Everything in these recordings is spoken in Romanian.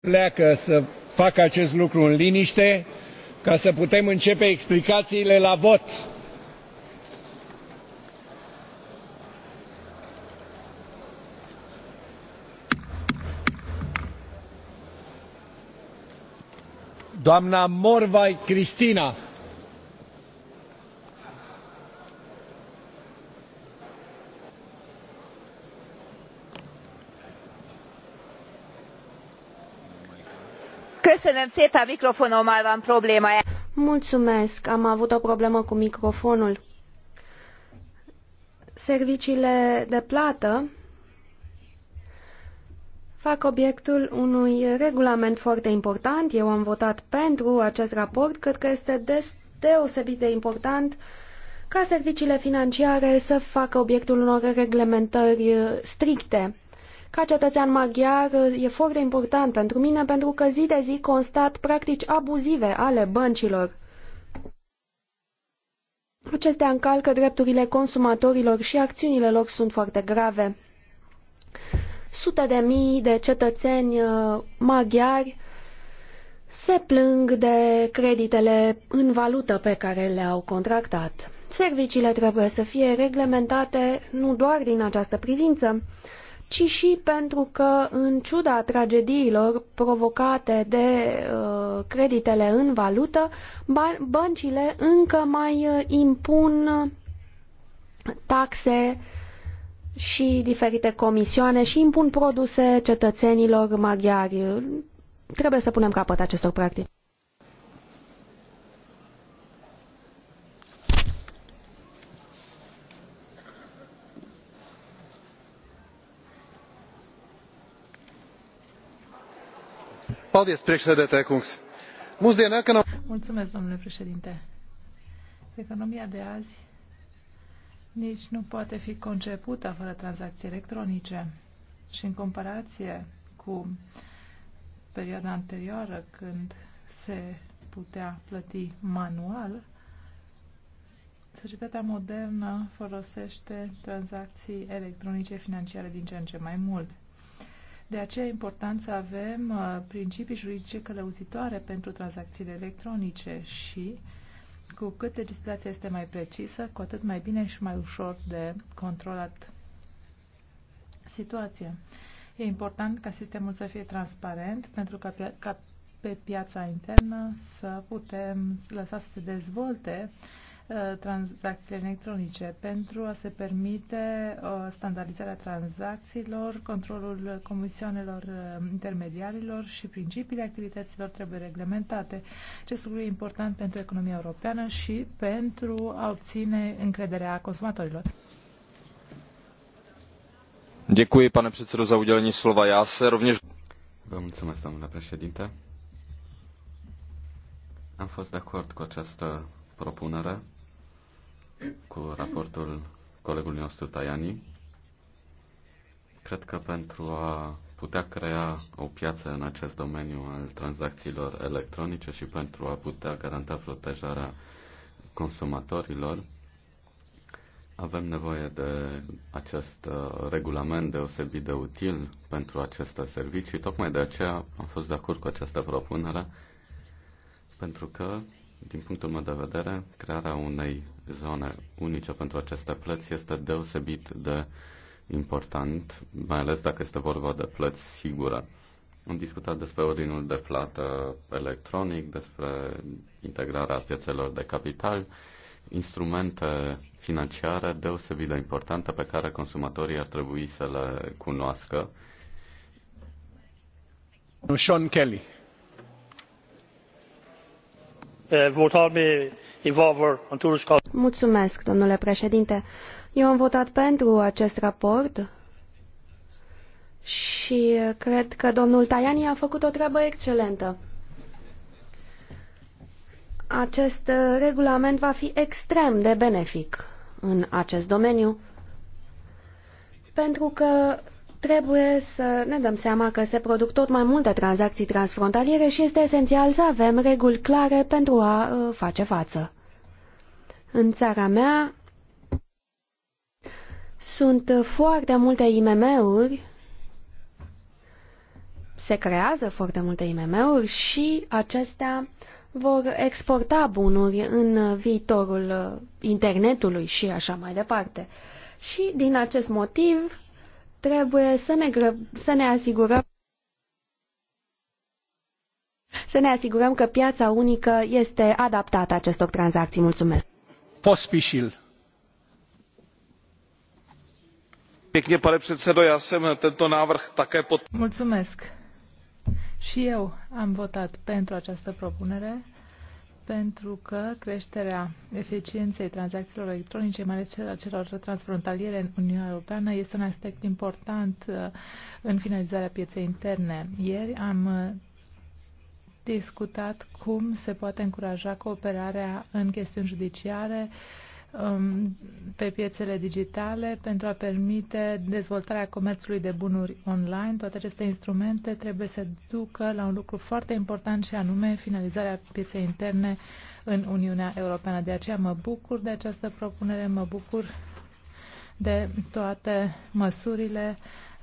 pleacă să facă acest lucru în liniște ca să putem începe explicațiile la vot. Doamna Morvai Cristina. Mulțumesc, am avut o problemă cu microfonul. Serviciile de plată fac obiectul unui regulament foarte important. Eu am votat pentru acest raport. Cred că este deosebit de important ca serviciile financiare să facă obiectul unor reglementări stricte. Ca cetățean maghiar e foarte important pentru mine pentru că zi de zi constat practici abuzive ale băncilor. Acestea încalcă drepturile consumatorilor și acțiunile lor sunt foarte grave. Sute de mii de cetățeni uh, maghiari se plâng de creditele în valută pe care le-au contractat. Serviciile trebuie să fie reglementate nu doar din această privință, ci și pentru că, în ciuda tragediilor provocate de uh, creditele în valută, băncile încă mai uh, impun taxe și diferite comisioane și impun produse cetățenilor maghiari. Trebuie să punem capăt acestor practici. Mulțumesc, domnule președinte. Economia de azi nici nu poate fi concepută fără tranzacții electronice. Și în comparație cu perioada anterioară, când se putea plăti manual, societatea modernă folosește tranzacții electronice financiare din ce în ce mai mult. De aceea e important să avem uh, principii juridice călăuzitoare pentru tranzacțiile electronice și cu cât legislația este mai precisă, cu atât mai bine și mai ușor de controlat situația. E important ca sistemul să fie transparent pentru ca, ca pe piața internă să putem lăsa să se dezvolte uh, Uh, tranzacțiile electronice pentru a se permite uh, standardizarea tranzacțiilor, controlul comisioanelor uh, intermediarilor și principiile activităților trebuie reglementate. Acest lucru e important pentru economia europeană și pentru a obține încrederea consumatorilor. Děkuji, pane předsedo, za udělení slova. Já se rovněž... Vă mulțumesc, domnule președinte. Am fost de acord cu această propunere raportul colegului nostru Tajani. Cred că pentru a putea crea o piață în acest domeniu al tranzacțiilor electronice și pentru a putea garanta protejarea consumatorilor, avem nevoie de acest uh, regulament deosebit de util pentru aceste servicii. Tocmai de aceea am fost de acord cu această propunere, pentru că din punctul meu de vedere, crearea unei zone unice pentru aceste plăți este deosebit de important, mai ales dacă este vorba de plăți sigure. Am discutat despre ordinul de plată electronic, despre integrarea piețelor de capital, instrumente financiare deosebit de importante pe care consumatorii ar trebui să le cunoască. Sean Kelly. Eh, domnule președinte. Eu am votat pentru acest raport și cred că domnul Tajani a făcut o treabă excelentă. Acest regulament va fi extrem de benefic în acest domeniu pentru că Trebuie să ne dăm seama că se produc tot mai multe tranzacții transfrontaliere și este esențial să avem reguli clare pentru a uh, face față. În țara mea sunt foarte multe IMM-uri, se creează foarte multe IMM-uri și acestea vor exporta bunuri în viitorul uh, internetului și așa mai departe. Și din acest motiv trebuie să ne, grăb, să ne asigurăm să ne asigurăm că piața unică este adaptată acestor tranzacții. Mulțumesc. Pospișil. Pěkně, pane předsedo, já jsem tento návrh také pod... Mulțumesc. Și eu am votat pentru această propunere pentru că creșterea eficienței tranzacțiilor electronice, mai ales a celor transfrontaliere în Uniunea Europeană, este un aspect important uh, în finalizarea pieței interne. Ieri am uh, discutat cum se poate încuraja cooperarea în chestiuni judiciare, Um, pe piețele digitale pentru a permite dezvoltarea comerțului de bunuri online. Toate aceste instrumente trebuie să ducă la un lucru foarte important și anume finalizarea pieței interne în Uniunea Europeană. De aceea mă bucur de această propunere, mă bucur de toate măsurile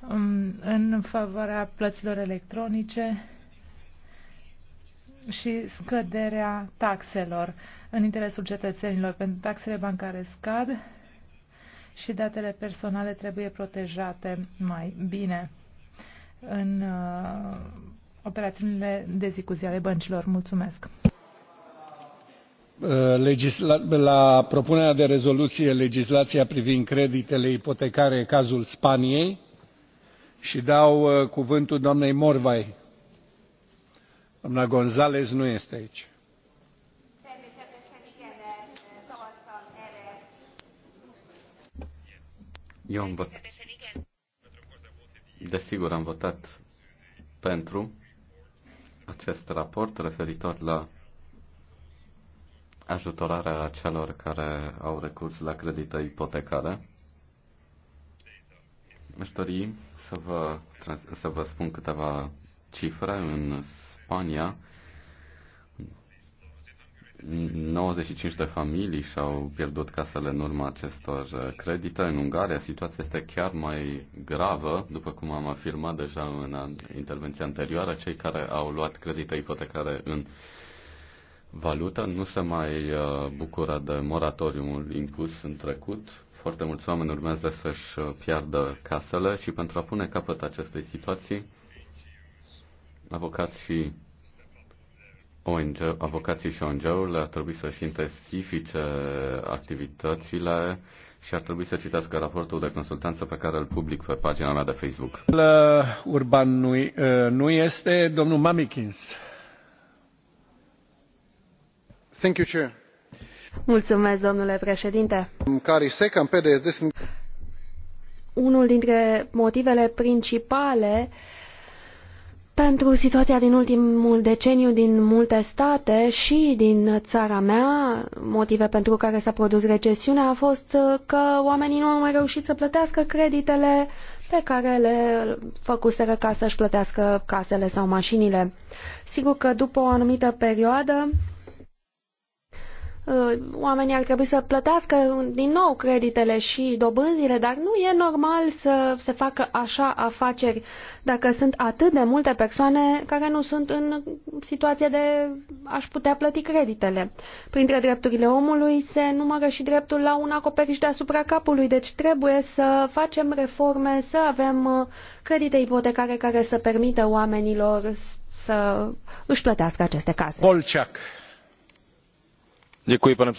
um, în favoarea plăților electronice și scăderea taxelor în interesul cetățenilor, pentru taxele bancare scad și datele personale trebuie protejate mai bine în uh, operațiunile de zi cu zi ale băncilor. Mulțumesc! Uh, legisla... la propunerea de rezoluție legislația privind creditele ipotecare cazul spaniei și dau uh, cuvântul doamnei morvai. doamna gonzález nu este aici. Eu am votat. Desigur, am votat pentru acest raport referitor la ajutorarea celor care au recurs la credită ipotecare. Aș dori să vă, să vă spun câteva cifre. În Spania, 95 de familii și-au pierdut casele în urma acestor uh, credite. În Ungaria situația este chiar mai gravă, după cum am afirmat deja în intervenția anterioară, cei care au luat credite ipotecare în valută nu se mai uh, bucură de moratoriumul impus în trecut. Foarte mulți oameni urmează să-și uh, piardă casele și pentru a pune capăt acestei situații, avocați și ONG, avocații și ONG-urile ar trebui să-și intensifice activitățile și ar trebui să citească raportul de consultanță pe care îl public pe pagina mea de Facebook. Uh, Urban nu, uh, nu este domnul Mamikins. Thank you, Chair. Mulțumesc, domnule președinte. Unul dintre motivele principale uh, pentru situația din ultimul deceniu din multe state și din țara mea, motive pentru care s-a produs recesiunea a fost că oamenii nu au mai reușit să plătească creditele pe care le făcuseră ca să-și plătească casele sau mașinile. Sigur că după o anumită perioadă, Uh, oamenii ar trebui să plătească din nou creditele și dobânzile, dar nu e normal să se facă așa afaceri dacă sunt atât de multe persoane care nu sunt în situație de a putea plăti creditele. Printre drepturile omului se numără și dreptul la un acoperiș deasupra capului, deci trebuie să facem reforme, să avem uh, credite ipotecare care să permită oamenilor să își plătească aceste case. Bolceac pane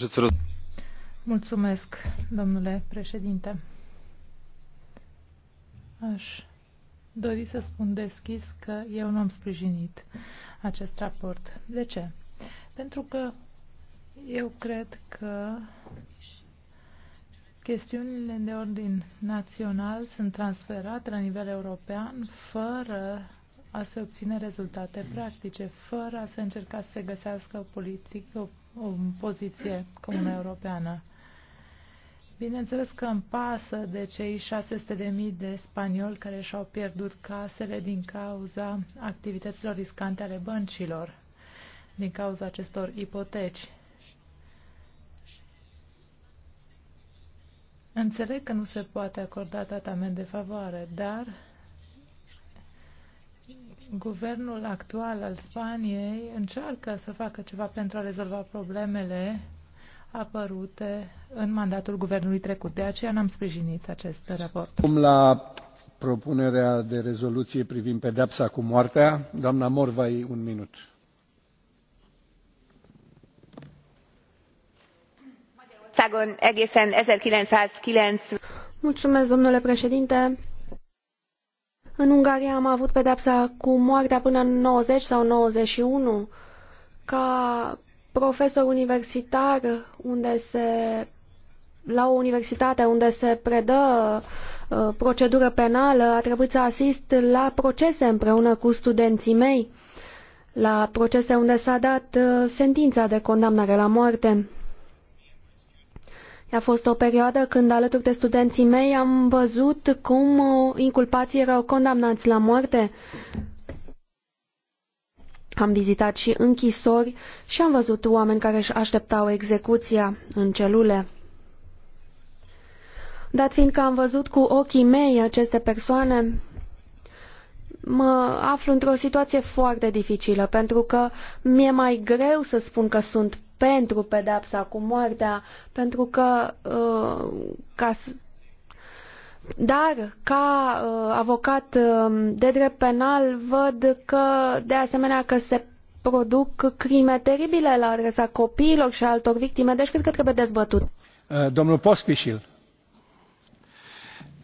Mulțumesc, domnule președinte. Aș dori să spun deschis că eu nu am sprijinit acest raport. De ce? Pentru că eu cred că chestiunile de ordin național sunt transferate la nivel european fără a se obține rezultate practice, fără a se încerca să se găsească o politică, o o poziție comună europeană. Bineînțeles că îmi pasă de cei 600.000 de spanioli care și-au pierdut casele din cauza activităților riscante ale băncilor, din cauza acestor ipoteci. Înțeleg că nu se poate acorda tratament de favoare, dar guvernul actual al Spaniei încearcă să facă ceva pentru a rezolva problemele apărute în mandatul guvernului trecut. De aceea n-am sprijinit acest raport. Cum la propunerea de rezoluție privind pedepsa cu moartea, doamna Morvai, un minut. Mulțumesc, domnule președinte în Ungaria am avut pedepsa cu moartea până în 90 sau 91. Ca profesor universitar, unde se, la o universitate unde se predă uh, procedură penală, a trebuit să asist la procese împreună cu studenții mei, la procese unde s-a dat uh, sentința de condamnare la moarte. A fost o perioadă când, alături de studenții mei, am văzut cum uh, inculpații erau condamnați la moarte. Am vizitat și închisori și am văzut oameni care își așteptau execuția în celule. Dat fiindcă am văzut cu ochii mei aceste persoane, mă aflu într-o situație foarte dificilă, pentru că mi-e mai greu să spun că sunt pentru pedapsa cu moartea, pentru că uh, ca dar, ca uh, avocat uh, de drept penal, văd că, de asemenea, că se produc crime teribile la adresa copiilor și altor victime, deci cred că trebuie dezbătut. Uh, domnul Pospișil.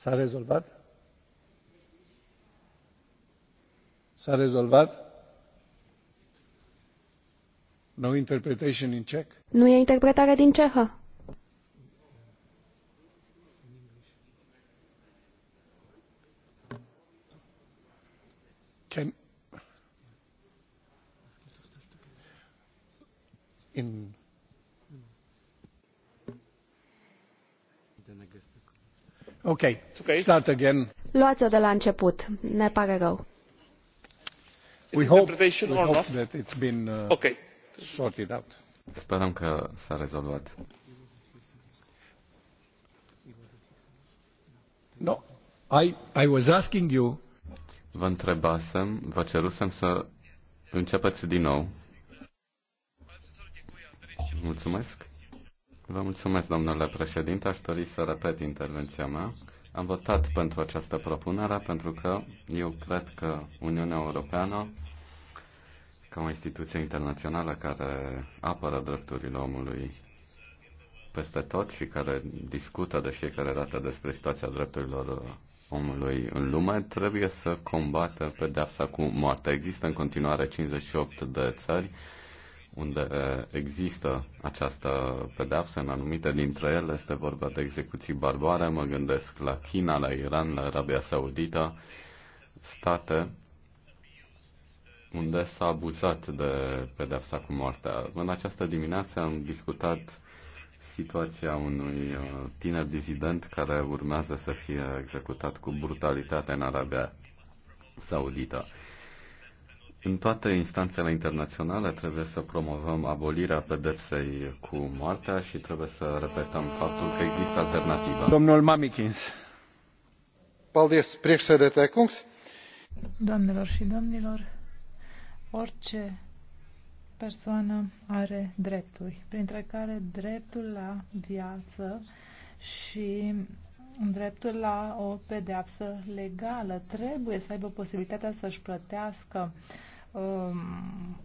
s a rezolvat? s a rezolvat? No interpretation in Czech? Nu e interpretare din cehă. Can, Ok. okay. Start again. Luați-o de la început. Ne pare rău. We hope, we hope that it's been uh, okay. sorted out. Sperăm că s-a rezolvat. No, I, I was asking you. Vă întrebasem, vă cerusem să începeți din nou. Mulțumesc. Vă mulțumesc, domnule președinte. Aș dori să repet intervenția mea. Am votat pentru această propunere pentru că eu cred că Uniunea Europeană, ca o instituție internațională care apără drepturile omului peste tot și care discută de fiecare dată despre situația drepturilor omului în lume, trebuie să combată pedeapsa cu moartea. Există în continuare 58 de țări unde există această pedeapsă, în anumite dintre ele este vorba de execuții barbare, mă gândesc la China, la Iran, la Arabia Saudită, state unde s-a abuzat de pedeapsa cu moartea. În această dimineață am discutat situația unui tiner dizident care urmează să fie executat cu brutalitate în Arabia Saudită. În toate instanțele internaționale trebuie să promovăm abolirea pedepsei cu moartea și trebuie să repetăm faptul că există alternativă. Domnul Mamikins. Paldies, președete, Kungs. Doamnelor și domnilor, orice persoană are drepturi, printre care dreptul la viață și dreptul la o pedeapsă legală. Trebuie să aibă posibilitatea să-și plătească uh, Um,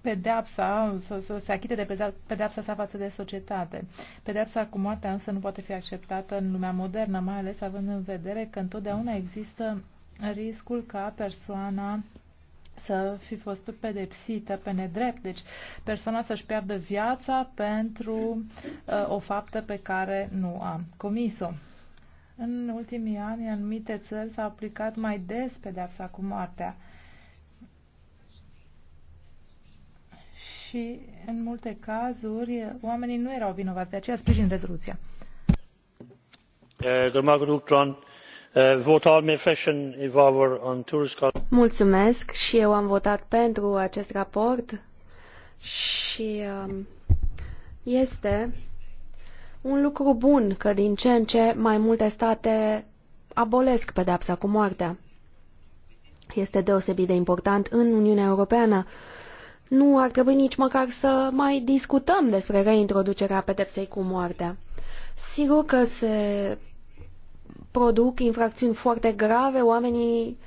pedeapsa, să, să se achite de pedeapsa sa față de societate. Pedeapsa cu moartea însă nu poate fi acceptată în lumea modernă, mai ales având în vedere că întotdeauna există riscul ca persoana să fi fost pedepsită pe nedrept. Deci persoana să-și piardă viața pentru uh, o faptă pe care nu a comis-o. În ultimii ani, anumite țări s-a aplicat mai des pedeapsa cu moartea. și în multe cazuri oamenii nu erau vinovați, de aceea sprijin rezoluția. Eh, eh, Mulțumesc și eu am votat pentru acest raport și um, este un lucru bun că din ce în ce mai multe state abolesc pedepsa cu moartea. Este deosebit de important în Uniunea Europeană nu ar trebui nici măcar să mai discutăm despre reintroducerea pedepsei cu moartea. Sigur că se produc infracțiuni foarte grave, oamenii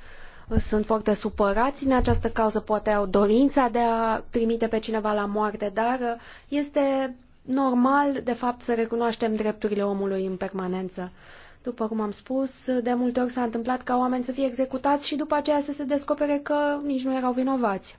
uh, sunt foarte supărați în această cauză, poate au dorința de a trimite pe cineva la moarte, dar uh, este normal, de fapt, să recunoaștem drepturile omului în permanență. După cum am spus, uh, de multe ori s-a întâmplat ca oameni să fie executați și după aceea să se descopere că nici nu erau vinovați.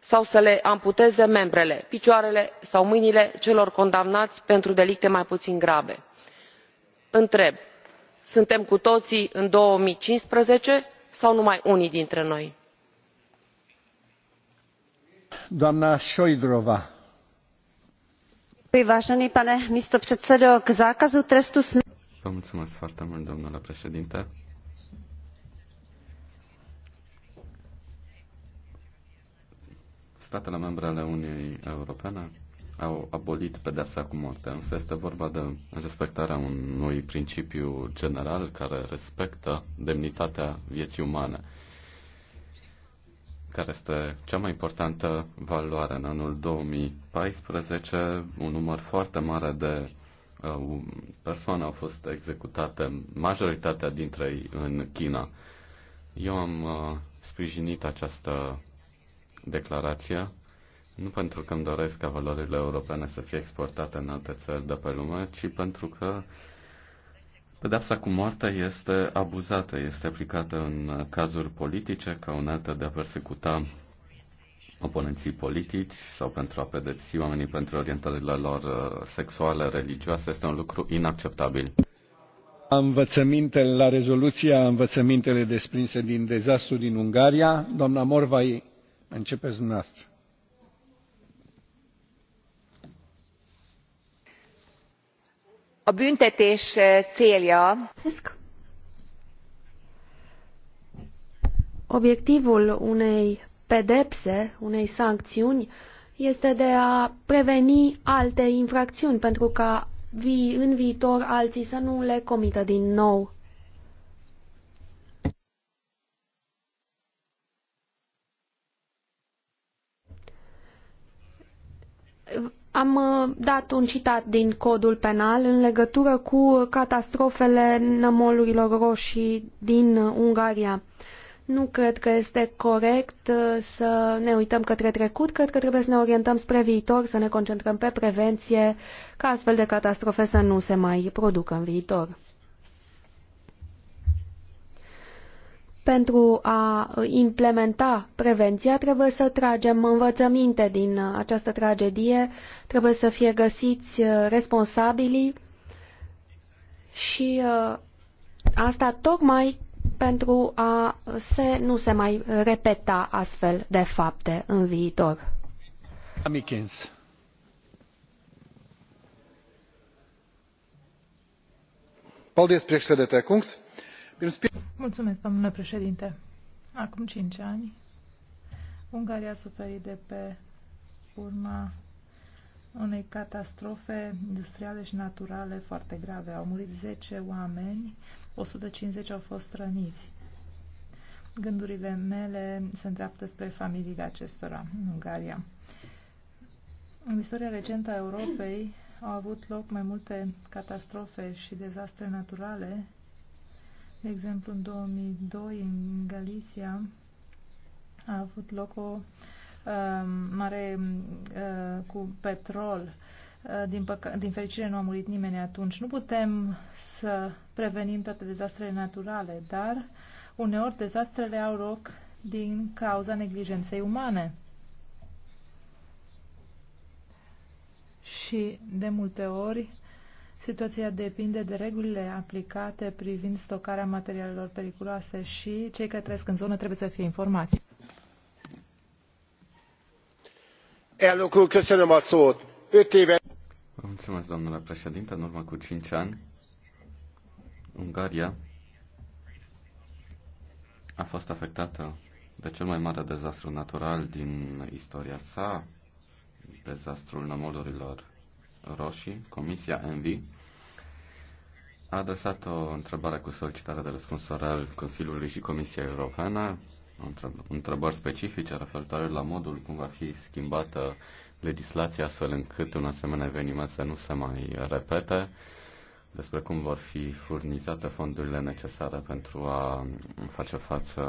sau să le amputeze membrele picioarele sau mâinile celor condamnați pentru delicte mai puțin grave. întreb suntem cu toții în două mii cincisprezece sau numai unii dintre noi? Păi, pane předsedající statele membre ale Uniunii Europene au abolit pedepsa cu moartea, însă este vorba de respectarea unui principiu general care respectă demnitatea vieții umane, care este cea mai importantă valoare. În anul 2014, un număr foarte mare de uh, um, persoane au fost executate, majoritatea dintre ei în China. Eu am uh, sprijinit această declarația, nu pentru că îmi doresc ca valorile europene să fie exportate în alte țări de pe lume, ci pentru că pedepsa cu moartea este abuzată, este aplicată în cazuri politice ca unealtă de a persecuta oponenții politici sau pentru a pedepsi oamenii pentru orientările lor uh, sexuale, religioase, este un lucru inacceptabil. Învățămintele la rezoluția, învățămintele desprinse din dezastru din Ungaria, doamna Morvai Începeți dumneavoastră. A büntetés eh, célja. Obiectivul unei pedepse, unei sancțiuni, este de a preveni alte infracțiuni pentru ca vi, în viitor alții să nu le comită din nou. Am uh, dat un citat din codul penal în legătură cu catastrofele nămolurilor roșii din uh, Ungaria. Nu cred că este corect uh, să ne uităm către trecut, cred că trebuie să ne orientăm spre viitor, să ne concentrăm pe prevenție, ca astfel de catastrofe să nu se mai producă în viitor. Pentru a uh, implementa prevenția trebuie să tragem învățăminte din uh, această tragedie, trebuie să fie găsiți uh, responsabilii și asta tocmai pentru a se, nu se mai repeta astfel de fapte în viitor. Amicins. Paldies, președinte kungs! Mulțumesc, domnule președinte. Acum cinci ani, Ungaria a suferit de pe urma unei catastrofe industriale și naturale foarte grave. Au murit 10 oameni, 150 au fost răniți. Gândurile mele se îndreaptă spre familiile acestora în Ungaria. În istoria recentă a Europei au avut loc mai multe catastrofe și dezastre naturale de exemplu, în 2002, în Galicia, a avut loc o uh, mare um, uh, cu petrol. Uh, din, păca- din fericire nu a murit nimeni atunci. Nu putem să prevenim toate dezastrele naturale, dar uneori dezastrele au loc din cauza neglijenței umane. Și de multe ori Situația depinde de regulile aplicate privind stocarea materialelor periculoase și cei care trăiesc în zonă trebuie să fie informați. Mulțumesc, domnule președinte. În urmă cu 5 ani, Ungaria a fost afectată de cel mai mare dezastru natural din istoria sa, dezastrul nămodurilor Roșii, Comisia Envi, a adresat o întrebare cu solicitare de răspuns oral Consiliului și Comisiei Europene, întrebări specifice referitoare la modul cum va fi schimbată legislația astfel încât un asemenea eveniment să nu se mai repete, despre cum vor fi furnizate fondurile necesare pentru a face față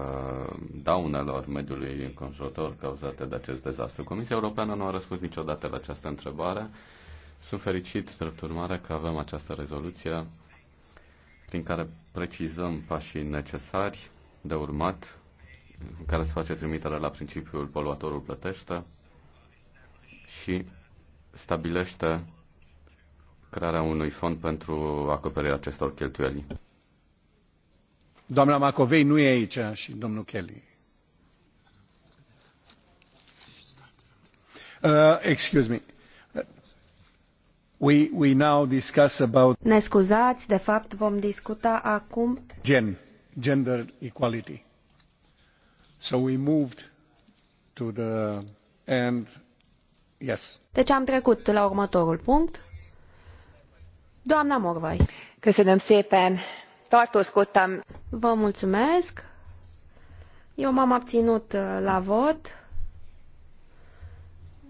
daunelor mediului înconjurător cauzate de acest dezastru. Comisia Europeană nu a răspuns niciodată la această întrebare sunt fericit, drept urmare, că avem această rezoluție prin care precizăm pașii necesari de urmat, în care se face trimitere la principiul poluatorul plătește și stabilește crearea unui fond pentru acoperirea acestor cheltuieli. Doamna Macovei nu e aici și domnul Kelly. Uh, excuse me. We, we now discuss about ne scuzați, de fapt vom discuta acum gen, gender equality. So we moved to the yes. Deci am trecut la următorul punct. Doamna Morvai. Köszönöm szépen. Tartózkodtam. Vă mulțumesc. Eu m-am abținut uh, la vot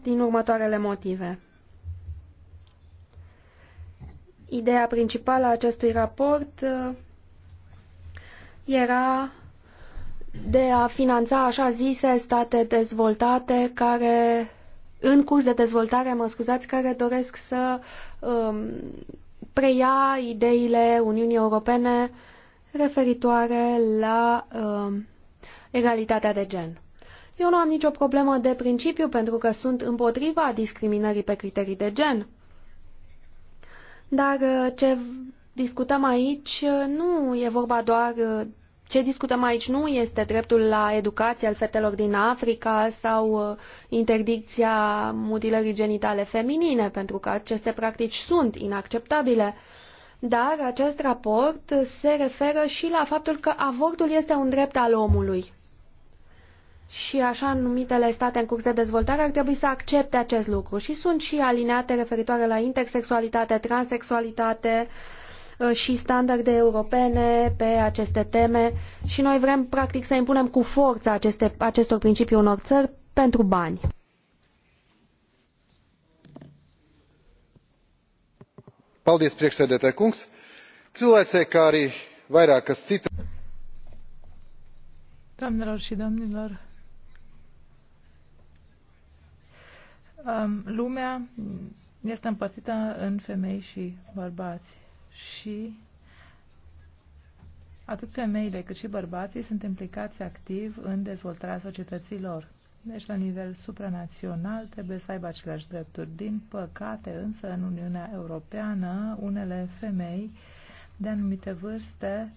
din următoarele motive. Ideea principală a acestui raport uh, era de a finanța așa zise state dezvoltate care în curs de dezvoltare, mă scuzați, care doresc să um, preia ideile Uniunii Europene referitoare la um, egalitatea de gen. Eu nu am nicio problemă de principiu pentru că sunt împotriva discriminării pe criterii de gen. Dar uh, ce discutăm aici uh, nu e vorba doar uh, ce discutăm aici nu este dreptul la educație al fetelor din Africa sau interdicția mutilării genitale feminine, pentru că aceste practici sunt inacceptabile. Dar acest raport se referă și la faptul că avortul este un drept al omului și așa numitele state în curs de dezvoltare ar trebui să accepte acest lucru. Și sunt și alineate referitoare la intersexualitate, transexualitate uh, și standarde europene pe aceste teme și noi vrem practic să impunem cu forță aceste, acestor principii unor țări pentru bani. Paldies, priekšsēdētē kungs. Cilvēcei, kā arī vairākas citas. Doamnelor și domnilor, lumea este împărțită în femei și bărbați și atât femeile cât și bărbații sunt implicați activ în dezvoltarea societăților. Deci, la nivel supranațional, trebuie să aibă aceleași drepturi. Din păcate, însă, în Uniunea Europeană, unele femei de anumite vârste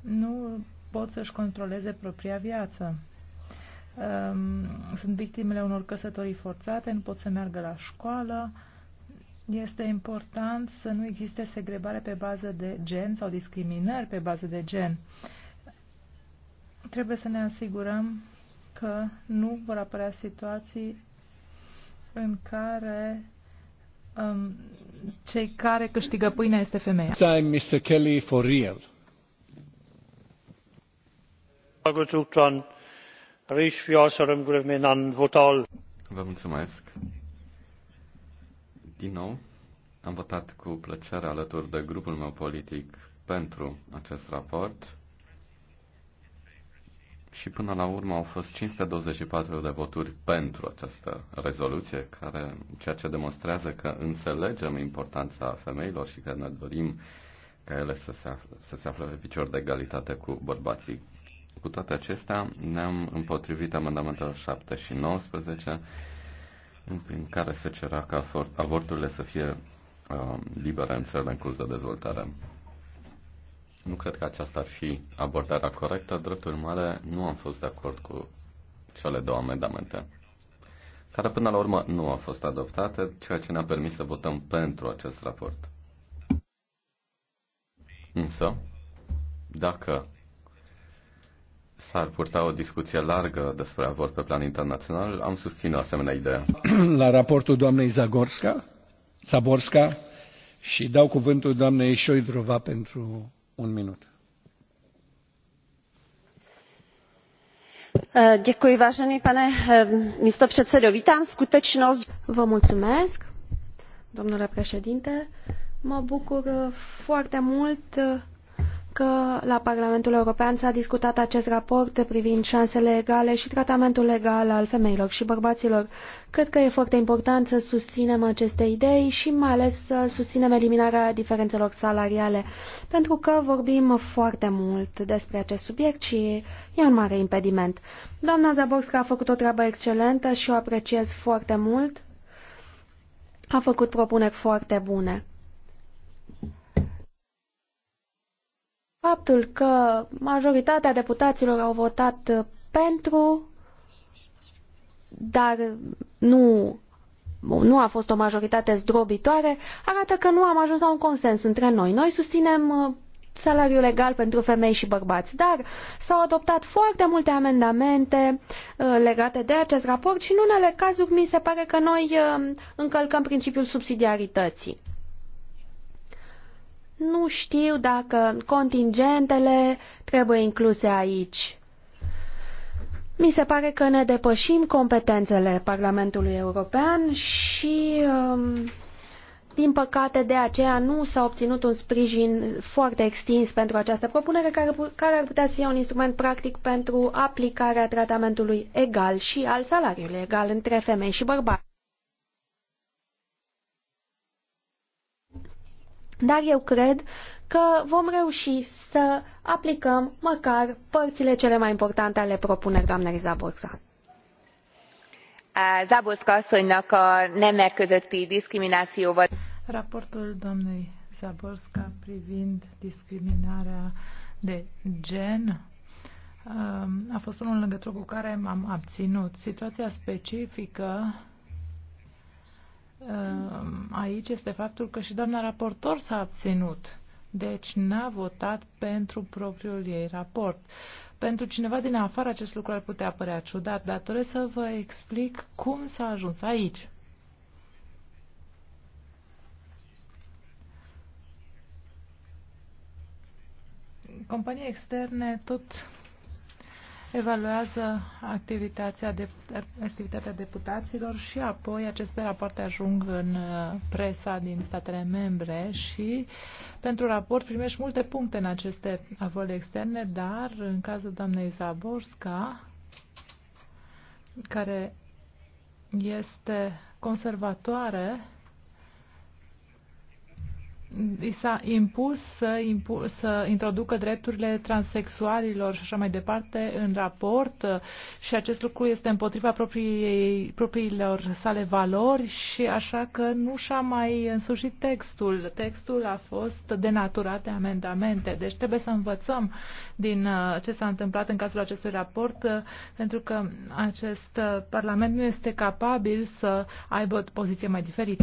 nu pot să-și controleze propria viață um, sunt victimele unor căsătorii forțate, nu pot să meargă la școală. Este important să nu existe segregare pe bază de gen sau discriminări pe bază de gen. Trebuie să ne asigurăm că nu vor apărea situații în care um, cei care câștigă pâinea este femeia. Time, Mr. Kelly, for real. Vă mulțumesc. Din nou, am votat cu plăcere alături de grupul meu politic pentru acest raport și până la urmă au fost 524 de voturi pentru această rezoluție, care, ceea ce demonstrează că înțelegem importanța femeilor și că ne dorim ca ele să se, afle, să se afle pe picior de egalitate cu bărbații. Cu toate acestea, ne-am împotrivit amendamentelor 7 și 19, în care se cerea ca avorturile să fie uh, libere în țările în curs de dezvoltare. Nu cred că aceasta ar fi abordarea corectă, drept urmare nu am fost de acord cu cele două amendamente, care până la urmă nu au fost adoptate, ceea ce ne-a permis să votăm pentru acest raport. Însă, dacă s-ar purta o discuție largă despre avort pe plan internațional, am susținut o asemenea idee. La raportul doamnei Zagorska, Zaborska și dau cuvântul doamnei Șoidrova pentru un minut. Děkuji, vážený pane předsedo. Vítám skutečnost. Vă mulțumesc, domnule președinte. Mă bucur foarte mult că la Parlamentul European s-a discutat acest raport privind șansele egale și tratamentul legal al femeilor și bărbaților. Cred că e foarte important să susținem aceste idei și mai ales să susținem eliminarea diferențelor salariale, pentru că vorbim foarte mult despre acest subiect și e un mare impediment. Doamna Zaborska a făcut o treabă excelentă și o apreciez foarte mult. A făcut propuneri foarte bune. faptul că majoritatea deputaților au votat pentru, dar nu, nu a fost o majoritate zdrobitoare, arată că nu am ajuns la un consens între noi. Noi susținem uh, salariu legal pentru femei și bărbați, dar s-au adoptat foarte multe amendamente uh, legate de acest raport și în unele cazuri mi se pare că noi uh, încălcăm principiul subsidiarității. Nu știu dacă contingentele trebuie incluse aici. Mi se pare că ne depășim competențele Parlamentului European și, um, din păcate, de aceea nu s-a obținut un sprijin foarte extins pentru această propunere, care, ar putea să fie un instrument practic pentru aplicarea tratamentului egal și al salariului egal între femei și bărbați. Dar eu cred că vom reuși să aplicăm măcar părțile cele mai importante ale propunerii doamnei Zaborza. Zaborska asszonynak a nemek közötti diszkriminációval. Raportul doamnei Zaborska privind discriminarea de gen um, a fost unul în legătură cu care m-am abținut. Situația specifică Ehm, aici este faptul că și doamna raportor s-a abținut. Deci n-a votat pentru propriul ei raport. Pentru cineva din afară acest lucru ar putea părea ciudat, dar trebuie să vă explic cum s-a ajuns aici. Companii externe tot evaluează activitatea, de, activitatea deputaților și apoi aceste rapoarte ajung în uh, presa din statele membre și pentru raport primești multe puncte în aceste avole externe, dar în cazul doamnei Zaborska, care este conservatoare, i s-a impus să, impu- să introducă drepturile transexualilor și așa mai departe în raport și acest lucru este împotriva propriilor sale valori și așa că nu și-a mai însușit textul. Textul a fost denaturat de amendamente. Deci trebuie să învățăm din uh, ce s-a întâmplat în cazul acestui raport uh, pentru că acest uh, Parlament nu este capabil să aibă o poziție mai diferită.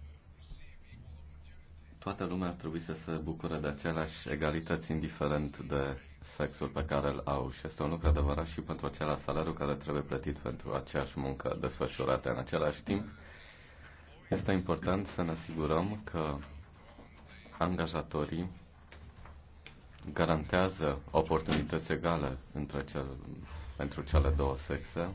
Toată lumea ar trebui să se bucure de aceleași egalități, indiferent de sexul pe care îl au și este un lucru adevărat și pentru același salariu care trebuie plătit pentru aceeași muncă desfășurată în același timp. Este important să ne asigurăm că angajatorii garantează oportunități egale între cel, pentru cele două sexe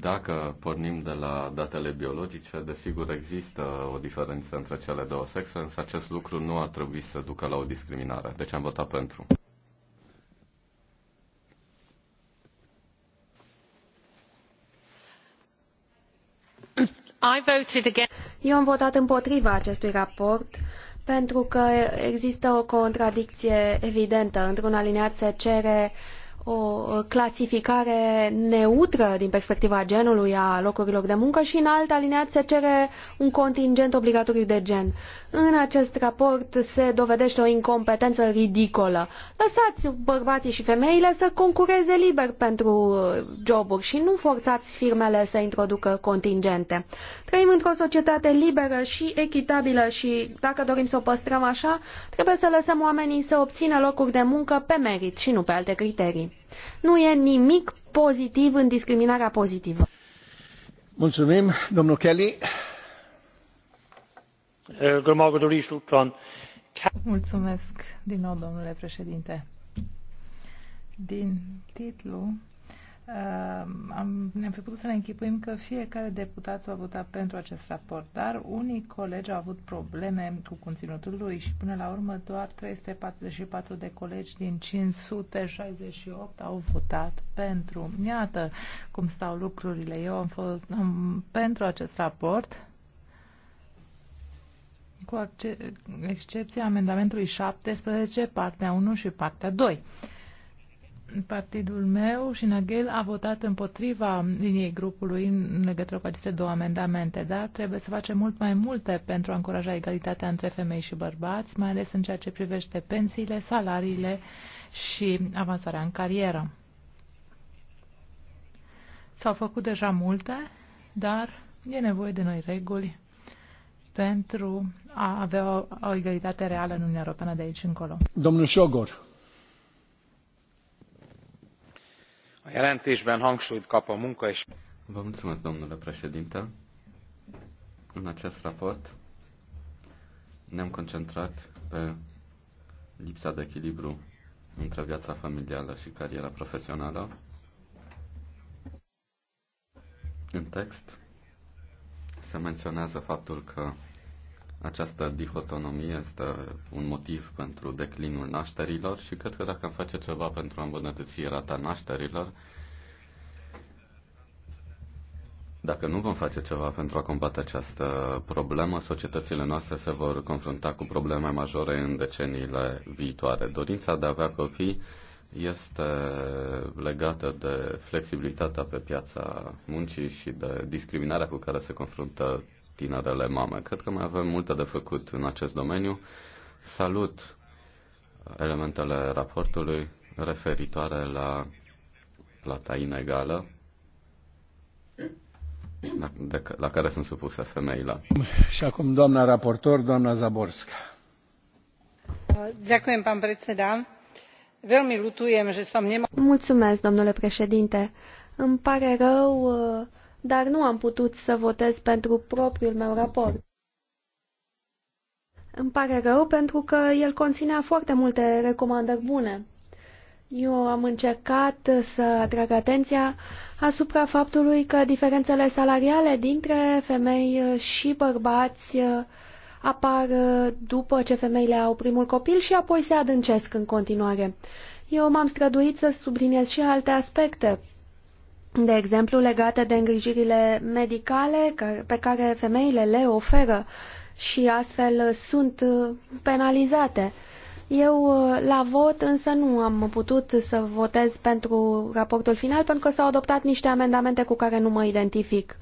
Dacă pornim de la datele biologice, desigur există o diferență între cele două sexe, însă acest lucru nu ar trebui să ducă la o discriminare. Deci am votat pentru. Eu am votat împotriva acestui raport pentru că există o contradicție evidentă. Într-un aliniat se cere uh, o clasificare neutră din perspectiva genului a locurilor de muncă și în alt alineat se cere un contingent obligatoriu de gen. În acest raport se dovedește o incompetență ridicolă. Lăsați bărbații și femeile să concureze liber pentru joburi și nu forțați firmele să introducă contingente. Trăim într-o societate liberă și echitabilă și dacă dorim să o păstrăm așa, trebuie să lăsăm oamenii să obțină locuri de muncă pe merit și nu pe alte criterii. Nu e nimic pozitiv în discriminarea pozitivă. Mulțumim, domnul Kelly. Mulțumesc din nou, domnule președinte. Din titlu am, ne-am fi putut să ne închipuim că fiecare deputat va vota pentru acest raport, dar unii colegi au avut probleme cu conținutul lui și până la urmă doar 344 de colegi din 568 au votat pentru. Iată cum stau lucrurile. Eu am fost am, pentru acest raport cu excepția amendamentului 17, partea 1 și partea 2 partidul meu, Șinaghel, a votat împotriva liniei grupului în legătură cu aceste două amendamente, dar trebuie să facem mult mai multe pentru a încuraja egalitatea între femei și bărbați, mai ales în ceea ce privește pensiile, salariile și avansarea în carieră. S-au făcut deja multe, dar e nevoie de noi reguli pentru a avea o, o egalitate reală în Uniunea Europeană de aici încolo. Domnul Șogor. A jelentésben hangsúlyt kap a munka és... Vă mulțumesc, domnule președinte. În acest raport ne-am concentrat pe lipsa de echilibru între viața familială și cariera profesională. În text se menționează faptul că această dihotonomie este un motiv pentru declinul nașterilor și cred că dacă am face ceva pentru a îmbunătăți rata nașterilor, dacă nu vom face ceva pentru a combate această problemă, societățile noastre se vor confrunta cu probleme majore în deceniile viitoare. Dorința de a avea copii este legată de flexibilitatea pe piața muncii și de discriminarea cu care se confruntă tinerele mame. Cred că mai avem multe de făcut în acest domeniu. Salut elementele raportului referitoare la plata inegală la, de, la care sunt supuse femeile. Și acum doamna raportor, doamna Zaborska. Ďakujem, pán predseda. Veľmi ľutujem, že som nemohla... Mulțumesc, domnule președinte. Îmi pare rău uh, dar nu am putut să votez pentru propriul meu raport. Îmi pare rău pentru că el conținea foarte multe recomandări bune. Eu am încercat să atrag atenția asupra faptului că diferențele salariale dintre femei și bărbați apar după ce femeile au primul copil și apoi se adâncesc în continuare. Eu m-am străduit să subliniez și alte aspecte, de exemplu legate de îngrijirile medicale pe care femeile le oferă și astfel sunt uh, penalizate. Eu uh, la vot însă nu am putut să votez pentru raportul final pentru că s-au adoptat niște amendamente cu care nu mă identific.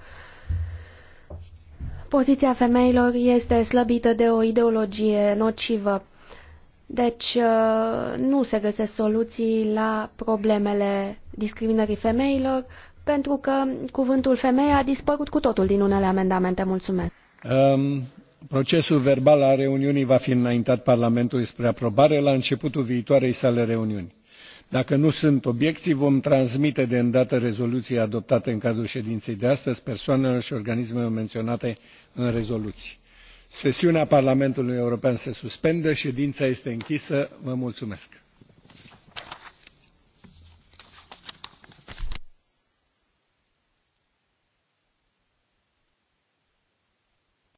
Poziția femeilor este slăbită de o ideologie nocivă deci uh, nu se găsesc soluții la problemele discriminării femeilor, pentru că cuvântul femeie a dispărut cu totul din unele amendamente. Mulțumesc. Um, procesul verbal al reuniunii va fi înaintat Parlamentului spre aprobare la începutul viitoarei sale reuniuni. Dacă nu sunt obiecții, vom transmite de îndată rezoluția adoptată în cadrul ședinței de astăzi persoanelor și organismelor menționate în rezoluții sesiunea parlamentului european se suspendă ședința este închisă vă mulțumesc.